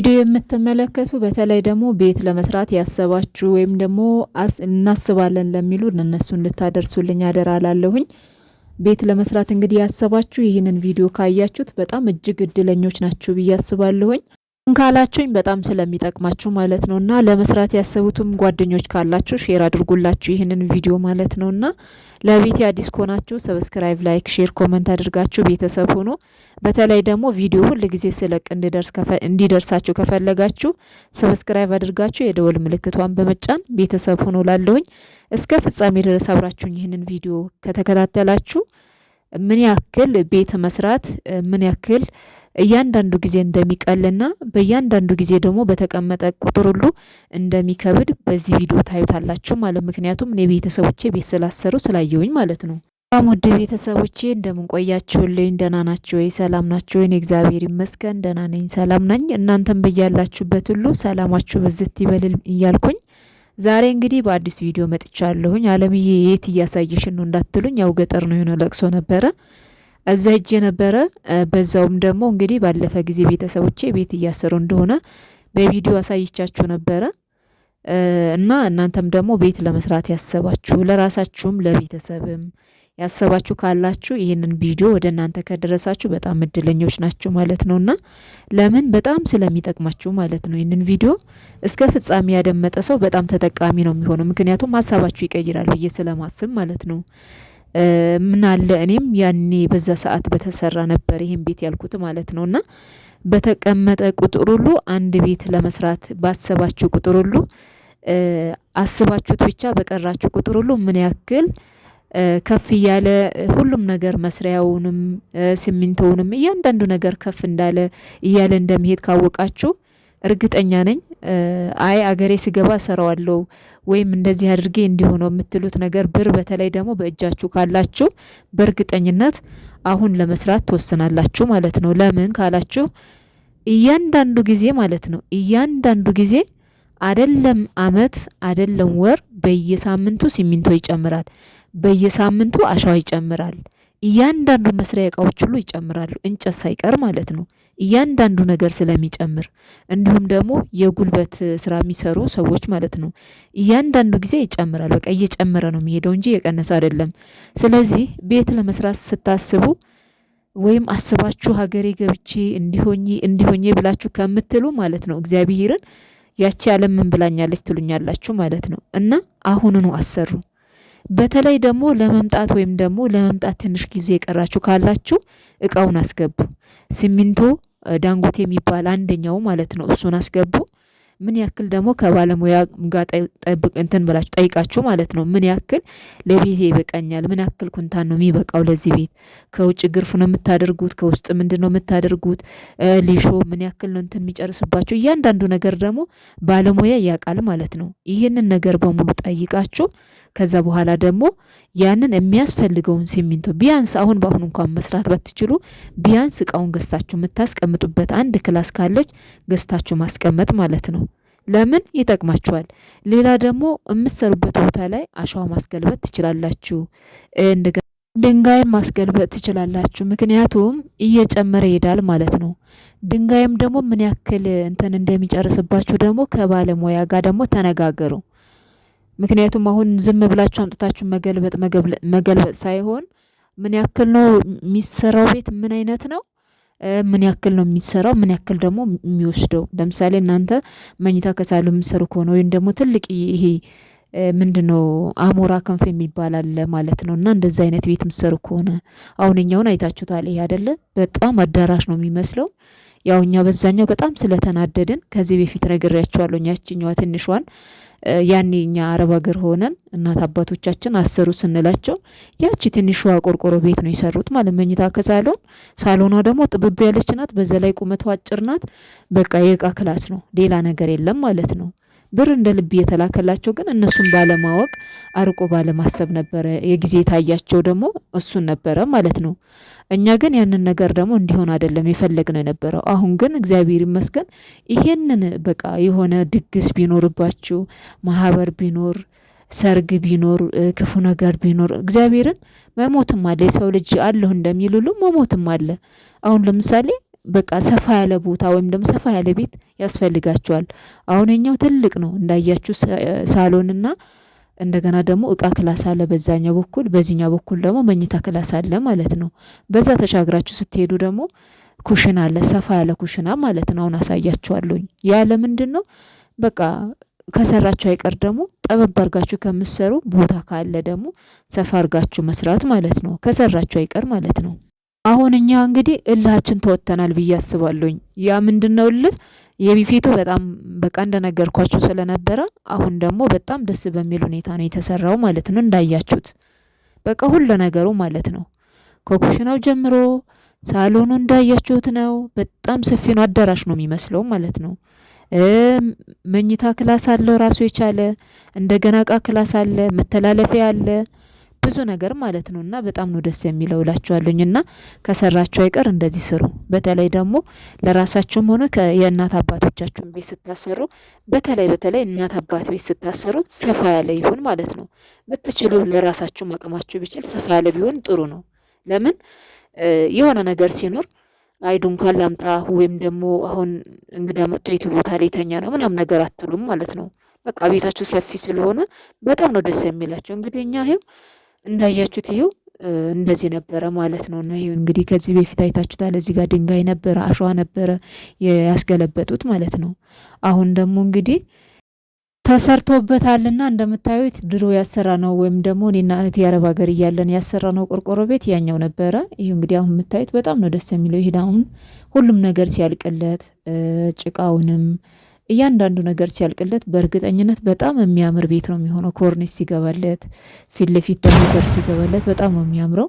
ቪዲዮ የምትመለከቱ በተለይ ደግሞ ቤት ለመስራት ያሰባችሁ ወይም ደግሞ እናስባለን ለሚሉ እነሱ እንድታደርሱልኝ አደራ ቤት ለመስራት እንግዲህ ያሰባችሁ ይህንን ቪዲዮ ካያችሁት በጣም እጅግ እድለኞች ናችሁ ብዬ አስባለሁኝ። ካላችሁኝ በጣም ስለሚጠቅማችሁ ማለት ነው። እና ለመስራት ያሰቡትም ጓደኞች ካላችሁ ሼር አድርጉላችሁ ይህንን ቪዲዮ ማለት ነው። እና ለቤት አዲስ ከሆናችሁ ሰብስክራይብ፣ ላይክ፣ ሼር፣ ኮመንት አድርጋችሁ ቤተሰብ ሆኖ በተለይ ደግሞ ቪዲዮ ሁል ጊዜ ስለቅ እንዲደርሳችሁ ከፈለጋችሁ ሰብስክራይብ አድርጋችሁ የደወል ምልክቷን በመጫን ቤተሰብ ሆኖ ላለሁኝ እስከ ፍጻሜ ድረስ አብራችሁኝ ይህንን ቪዲዮ ከተከታተላችሁ ምን ያክል ቤት መስራት ምን ያክል እያንዳንዱ ጊዜ እንደሚቀልና በእያንዳንዱ ጊዜ ደግሞ በተቀመጠ ቁጥር ሁሉ እንደሚከብድ በዚህ ቪዲዮ ታዩታላችሁ ማለት ምክንያቱም እኔ ቤተሰቦቼ ቤት ስላሰሩ ስላየውኝ ማለት ነው። በጣም ውድ ቤተሰቦቼ እንደምንቆያችሁልኝ ደህና ናችሁ ወይ? ሰላም ናችሁ ወይ? እግዚአብሔር ይመስገን ደህና ነኝ፣ ሰላም ነኝ። እናንተም በያላችሁበት ሁሉ ሰላማችሁ ብዝት ይበልል እያልኩኝ ዛሬ እንግዲህ በአዲስ ቪዲዮ መጥቻለሁኝ። አለምዬ የት እያሳየሽን ነው እንዳትሉኝ፣ ያው ገጠር ነው የሆነ ለቅሶ ነበረ፣ እዛ እጄ ነበረ። በዛውም ደግሞ እንግዲህ ባለፈ ጊዜ ቤተሰቦቼ ቤት እያሰሩ እንደሆነ በቪዲዮ አሳይቻችሁ ነበረ እና እናንተም ደግሞ ቤት ለመስራት ያሰባችሁ ለራሳችሁም ለቤተሰብም ያሰባችሁ ካላችሁ ይህንን ቪዲዮ ወደ እናንተ ከደረሳችሁ በጣም እድለኞች ናችሁ ማለት ነውና ለምን በጣም ስለሚጠቅማችሁ ማለት ነው። ይህንን ቪዲዮ እስከ ፍጻሜ ያደመጠ ሰው በጣም ተጠቃሚ ነው የሚሆነው። ምክንያቱም ሀሳባችሁ ይቀይራል ብዬ ስለማስብ ማለት ነው። ምናለ እኔም ያኔ በዛ ሰዓት በተሰራ ነበር ይህን ቤት ያልኩት ማለት ነውና በተቀመጠ ቁጥር ሁሉ አንድ ቤት ለመስራት ባሰባችሁ ቁጥር ሁሉ አስባችሁት ብቻ በቀራችሁ ቁጥር ሁሉ ምን ያክል ከፍ እያለ ሁሉም ነገር መስሪያውንም ሲሚንቶውንም እያንዳንዱ ነገር ከፍ እንዳለ እያለ እንደሚሄድ ካወቃችሁ እርግጠኛ ነኝ አይ አገሬ ስገባ እሰራዋለሁ ወይም እንደዚህ አድርጌ እንዲሆነው የምትሉት ነገር ብር በተለይ ደግሞ በእጃችሁ ካላችሁ በእርግጠኝነት አሁን ለመስራት ትወስናላችሁ ማለት ነው። ለምን ካላችሁ እያንዳንዱ ጊዜ ማለት ነው እያንዳንዱ ጊዜ አደለም አመት አደለም ወር በየሳምንቱ ሲሚንቶ ይጨምራል። በየሳምንቱ አሸዋ ይጨምራል። እያንዳንዱ መስሪያ እቃዎች ሁሉ ይጨምራሉ እንጨት ሳይቀር ማለት ነው። እያንዳንዱ ነገር ስለሚጨምር እንዲሁም ደግሞ የጉልበት ስራ የሚሰሩ ሰዎች ማለት ነው። እያንዳንዱ ጊዜ ይጨምራል በቃ እየጨመረ ነው የሚሄደው እንጂ የቀነሰ አይደለም። ስለዚህ ቤት ለመስራት ስታስቡ ወይም አስባችሁ ሀገሬ ገብቼ እንዲህ እንዲሆኜ ብላችሁ ከምትሉ ማለት ነው እግዚአብሔርን ያቺ አለም ምን ብላኛለች ትሉኛላችሁ ማለት ነው። እና አሁኑኑ አሰሩ በተለይ ደግሞ ለመምጣት ወይም ደግሞ ለመምጣት ትንሽ ጊዜ የቀራችሁ ካላችሁ እቃውን አስገቡ። ሲሚንቶ ዳንጎቴ የሚባል አንደኛው ማለት ነው። እሱን አስገቡ። ምን ያክል ደግሞ ከባለሙያ ጋር ጠብቅ እንትን ብላችሁ ጠይቃችሁ ማለት ነው። ምን ያክል ለቤት ይበቃኛል? ምን ያክል ኩንታን ነው የሚበቃው ለዚህ ቤት? ከውጭ ግርፍ ነው የምታደርጉት? ከውስጥ ምንድን ነው የምታደርጉት? ሊሾ ምን ያክል ነው እንትን የሚጨርስባችሁ? እያንዳንዱ ነገር ደግሞ ባለሙያ ያውቃል ማለት ነው። ይህንን ነገር በሙሉ ጠይቃችሁ ከዛ በኋላ ደግሞ ያንን የሚያስፈልገውን ሲሚንቶ ቢያንስ አሁን በአሁኑ እንኳን መስራት ባትችሉ ቢያንስ እቃውን ገዝታችሁ የምታስቀምጡበት አንድ ክላስ ካለች ገዝታችሁ ማስቀመጥ ማለት ነው። ለምን ይጠቅማችኋል። ሌላ ደግሞ የምትሰሩበት ቦታ ላይ አሸዋ ማስገልበጥ ትችላላችሁ። እንደገና ድንጋይም ማስገልበጥ ትችላላችሁ። ምክንያቱም እየጨመረ ይሄዳል ማለት ነው። ድንጋይም ደግሞ ምን ያክል እንትን እንደሚጨርስባችሁ ደግሞ ከባለሙያ ጋር ደግሞ ተነጋገሩ። ምክንያቱም አሁን ዝም ብላችሁ አምጥታችሁ መገልበጥ መገልበጥ ሳይሆን ምን ያክል ነው የሚሰራው ቤት ምን አይነት ነው ምን ያክል ነው የሚሰራው፣ ምን ያክል ደግሞ የሚወስደው። ለምሳሌ እናንተ መኝታ ከሳሉ የምትሰሩ ከሆነ ወይም ደግሞ ትልቅ ይሄ ምንድነው አሞራ ክንፍ የሚባል አለ ማለት ነው። እና እንደዛ አይነት ቤት ምሰሩ ከሆነ አሁን እኛውን አይታችሁታል። ይሄ አደለ በጣም አዳራሽ ነው የሚመስለው። ያው እኛ በዛኛው በጣም ስለተናደድን ከዚህ በፊት ነግሬያችኋለሁ። ያችኛዋ ትንሿን ያኔ እኛ አረብ ሀገር ሆነን እናት አባቶቻችን አሰሩ ስንላቸው ያቺ ትንሿ ቆርቆሮ ቤት ነው የሰሩት ማለት መኝታ ከሳሎን ሳሎኗ ደግሞ ጥብብ ያለች ናት። በዛ ላይ ቁመቷ አጭር ናት። በቃ የእቃ ክላስ ነው ሌላ ነገር የለም ማለት ነው። ብር እንደ ልብ የተላከላቸው ግን እነሱን ባለማወቅ አርቆ ባለማሰብ ነበረ። የጊዜ የታያቸው ደግሞ እሱን ነበረ ማለት ነው። እኛ ግን ያንን ነገር ደግሞ እንዲሆን አይደለም የፈለግነው የነበረው። አሁን ግን እግዚአብሔር ይመስገን ይሄንን በቃ የሆነ ድግስ ቢኖርባችሁ ማህበር ቢኖር ሰርግ ቢኖር ክፉ ነገር ቢኖር እግዚአብሔርን መሞትም አለ። የሰው ልጅ አለሁ እንደሚል ሁሉ መሞትም አለ። አሁን ለምሳሌ በቃ ሰፋ ያለ ቦታ ወይም ደግሞ ሰፋ ያለ ቤት ያስፈልጋቸዋል። አሁን የኛው ትልቅ ነው እንዳያችሁ ሳሎን እና እንደገና ደግሞ እቃ ክላስ አለ በዛኛው በኩል በዚህኛው በኩል ደግሞ መኝታ ክላስ አለ ማለት ነው። በዛ ተሻግራችሁ ስትሄዱ ደግሞ ኩሽና አለ ሰፋ ያለ ኩሽና ማለት ነው። አሁን አሳያችኋለሁኝ ያ ለምንድነው? በቃ ከሰራችሁ አይቀር ደግሞ ጠበብ አድርጋችሁ ከምትሰሩ ቦታ ካለ ደግሞ ሰፋ አድርጋችሁ መስራት ማለት ነው። ከሰራችሁ አይቀር ማለት ነው አሁን እኛ እንግዲህ እልሃችን ተወጥተናል ብዬ አስባለሁኝ። ያ ምንድን ነው እልህ የቢፌቱ በጣም በቃ እንደነገርኳችሁ ስለነበረ አሁን ደግሞ በጣም ደስ በሚል ሁኔታ ነው የተሰራው ማለት ነው። እንዳያችሁት በቃ ሁሉ ነገሩ ማለት ነው ከኩሽናው ጀምሮ ሳሎኑ እንዳያችሁት ነው። በጣም ሰፊ ነው፣ አዳራሽ ነው የሚመስለው ማለት ነው። መኝታ ክላስ አለው ራሱ የቻለ እንደገና እቃ ክላስ አለ፣ መተላለፊያ አለ። ብዙ ነገር ማለት ነው እና በጣም ነው ደስ የሚለው እላችኋለኝ። እና ከሰራችሁ አይቀር እንደዚህ ስሩ። በተለይ ደግሞ ለራሳችሁም ሆነ የእናት አባቶቻችሁን ቤት ስታሰሩ፣ በተለይ በተለይ እናት አባት ቤት ስታሰሩ ሰፋ ያለ ይሁን ማለት ነው። ብትችሉ ለራሳችሁ አቅማችሁ ቢችል ሰፋ ያለ ቢሆን ጥሩ ነው። ለምን የሆነ ነገር ሲኖር አይ ድንኳን ላምጣ ወይም ደግሞ አሁን እንግዳ መጥቶ የቱ ቦታ ላይ ተኛ ነው ምናምን ነገር አትሉም ማለት ነው። በቃ ቤታችሁ ሰፊ ስለሆነ በጣም ነው ደስ የሚላቸው። እንግዲህ እኛ ይኸው እንዳያችሁት ይኸው እንደዚህ ነበረ ማለት ነው። እና ይሄው እንግዲህ ከዚህ በፊት አይታችሁታል። እዚህ ጋር ድንጋይ ነበረ፣ አሸዋ ነበረ ያስገለበጡት ማለት ነው። አሁን ደግሞ እንግዲህ ተሰርቶበታልና እንደምታዩት ድሮ ያሰራ ነው ወይም ደግሞ እኔና እህቴ የአረብ ሀገር እያለን ያሰራ ነው ቆርቆሮ ቤት ያኛው ነበረ። ይህ እንግዲህ አሁን የምታዩት በጣም ነው ደስ የሚለው። ይሄ አሁን ሁሉም ነገር ሲያልቅለት ጭቃውንም እያንዳንዱ ነገር ሲያልቅለት በእርግጠኝነት በጣም የሚያምር ቤት ነው የሚሆነው። ኮርኒስ ሲገባለት፣ ፊት ለፊት ደግሞ በር ሲገባለት በጣም ነው የሚያምረው።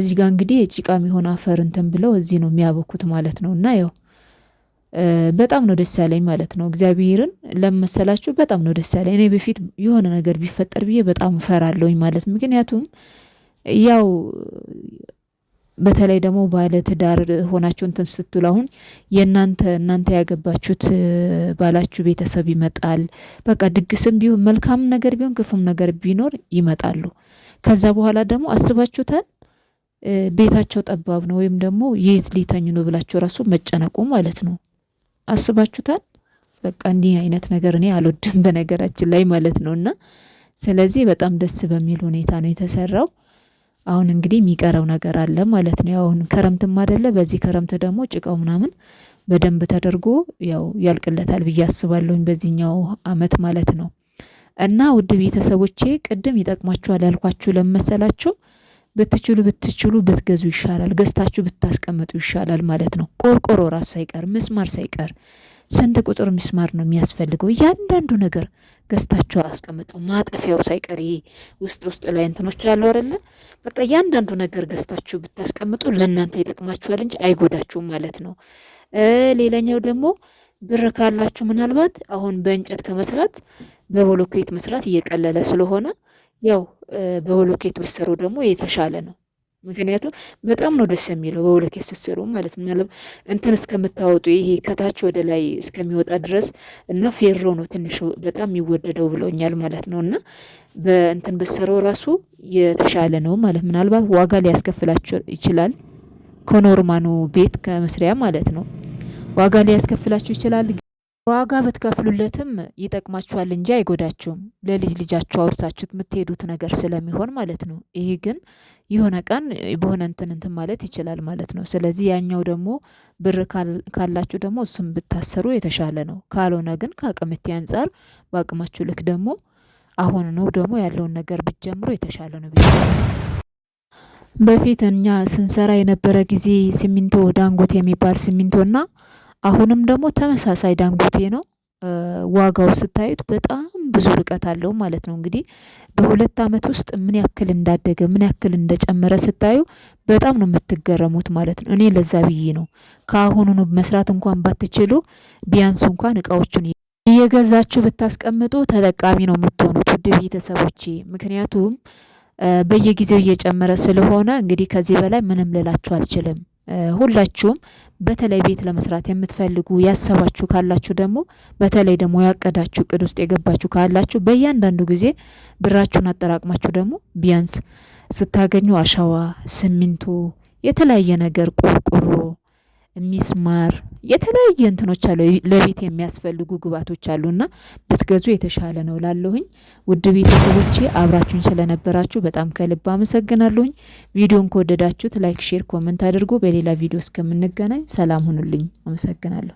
እዚህ ጋር እንግዲህ የጭቃ የሚሆን አፈር እንትን ብለው እዚህ ነው የሚያበኩት ማለት ነው። እና ያው በጣም ነው ደስ ያለኝ ማለት ነው። እግዚአብሔርን ለመሰላችሁ በጣም ነው ደስ ያለኝ። እኔ በፊት የሆነ ነገር ቢፈጠር ብዬ በጣም እፈራለሁኝ ማለት ምክንያቱም ያው በተለይ ደግሞ ባለትዳር ትዳር ሆናችሁ እንትን ስትሉ አሁን የእናንተ እናንተ ያገባችሁት ባላችሁ ቤተሰብ ይመጣል። በቃ ድግስም ቢሆን መልካም ነገር ቢሆን ክፉም ነገር ቢኖር ይመጣሉ። ከዛ በኋላ ደግሞ አስባችሁታል ቤታቸው ጠባብ ነው ወይም ደግሞ የት ሊተኙ ነው ብላችሁ ራሱ መጨነቁ ማለት ነው። አስባችሁታል። በቃ እንዲህ አይነት ነገር እኔ አልወድም በነገራችን ላይ ማለት ነው። እና ስለዚህ በጣም ደስ በሚል ሁኔታ ነው የተሰራው። አሁን እንግዲህ የሚቀረው ነገር አለ ማለት ነው። አሁን ከረምትም አደለ፣ በዚህ ከረምት ደግሞ ጭቃው ምናምን በደንብ ተደርጎ ያው ያልቅለታል ብዬ አስባለሁኝ በዚህኛው አመት ማለት ነው። እና ውድ ቤተሰቦቼ ቅድም ይጠቅማችኋል ያልኳችሁ ለመሰላችሁ ብትችሉ ብትችሉ ብትገዙ ይሻላል፣ ገዝታችሁ ብታስቀምጡ ይሻላል ማለት ነው። ቆርቆሮ ራሱ ሳይቀር ምስማር ሳይቀር ስንት ቁጥር ሚስማር ነው የሚያስፈልገው? እያንዳንዱ ነገር ገዝታችሁ አስቀምጡ። ማጠፊያው ሳይቀር ውስጥ ውስጥ ላይ እንትኖች አሉ አይደለ? በቃ እያንዳንዱ ነገር ገዝታችሁ ብታስቀምጡ ለእናንተ ይጠቅማችኋል እንጂ አይጎዳችሁም ማለት ነው። ሌላኛው ደግሞ ብር ካላችሁ ምናልባት አሁን በእንጨት ከመስራት በብሎኬት መስራት እየቀለለ ስለሆነ ያው በቦሎኬት ብትሰሩ ደግሞ የተሻለ ነው። ምክንያቱም በጣም ነው ደስ የሚለው በሁለት ስትሰሩ ማለት ምናለም እንትን እስከምታወጡ ይሄ ከታች ወደ ላይ እስከሚወጣ ድረስ እና ፌሮ ነው ትንሽ በጣም የሚወደደው ብለውኛል ማለት ነው። እና በእንትን በሰረው ራሱ የተሻለ ነው ማለት ምናልባት ዋጋ ሊያስከፍላቸው ይችላል። ከኖርማኑ ቤት ከመስሪያ ማለት ነው ዋጋ ሊያስከፍላችሁ ይችላል። ዋጋ ብትከፍሉለትም ይጠቅማችኋል እንጂ አይጎዳችሁም። ለልጅ ልጃችሁ አውርሳችሁት የምትሄዱት ነገር ስለሚሆን ማለት ነው። ይሄ ግን የሆነ ቀን በሆነ እንትን እንትን ማለት ይችላል ማለት ነው። ስለዚህ ያኛው ደግሞ ብር ካላችሁ ደግሞ እሱም ብታሰሩ የተሻለ ነው። ካልሆነ ግን ከአቅምቴ አንጻር በአቅማችሁ ልክ ደግሞ አሁን ነው ደግሞ ያለውን ነገር ብትጀምሩ የተሻለ ነው። በፊት እኛ ስንሰራ የነበረ ጊዜ ሲሚንቶ ዳንጎት የሚባል ሲሚንቶና አሁንም ደግሞ ተመሳሳይ ዳንጎቴ ነው። ዋጋው ስታዩት በጣም ብዙ ርቀት አለው ማለት ነው። እንግዲህ በሁለት አመት ውስጥ ምን ያክል እንዳደገ ምን ያክል እንደጨመረ ስታዩ በጣም ነው የምትገረሙት ማለት ነው። እኔ ለዛ ብዬ ነው ከአሁኑኑ መስራት እንኳን ባትችሉ ቢያንስ እንኳን እቃዎቹን እየገዛችሁ ብታስቀምጡ ተጠቃሚ ነው የምትሆኑት ውድ ቤተሰቦቼ። ምክንያቱም በየጊዜው እየጨመረ ስለሆነ እንግዲህ ከዚህ በላይ ምንም ልላችሁ አልችልም። ሁላችሁም በተለይ ቤት ለመስራት የምትፈልጉ ያሰባችሁ ካላችሁ ደግሞ በተለይ ደግሞ ያቀዳችሁ እቅድ ውስጥ የገባችሁ ካላችሁ በእያንዳንዱ ጊዜ ብራችሁን አጠራቅማችሁ ደግሞ ቢያንስ ስታገኙ አሸዋ፣ ሲሚንቶ የተለያየ ነገር ቆርቆሮ ሚስማር የተለያየ እንትኖች አሉ ለቤት የሚያስፈልጉ ግብአቶች አሉና ብትገዙ የተሻለ ነው ላለሁኝ። ውድ ቤተሰቦቼ አብራችሁኝ ስለነበራችሁ በጣም ከልብ አመሰግናለሁኝ። ቪዲዮን ከወደዳችሁት ላይክ፣ ሼር፣ ኮመንት አድርጎ በሌላ ቪዲዮ እስከምንገናኝ ሰላም ሁኑልኝ። አመሰግናለሁ።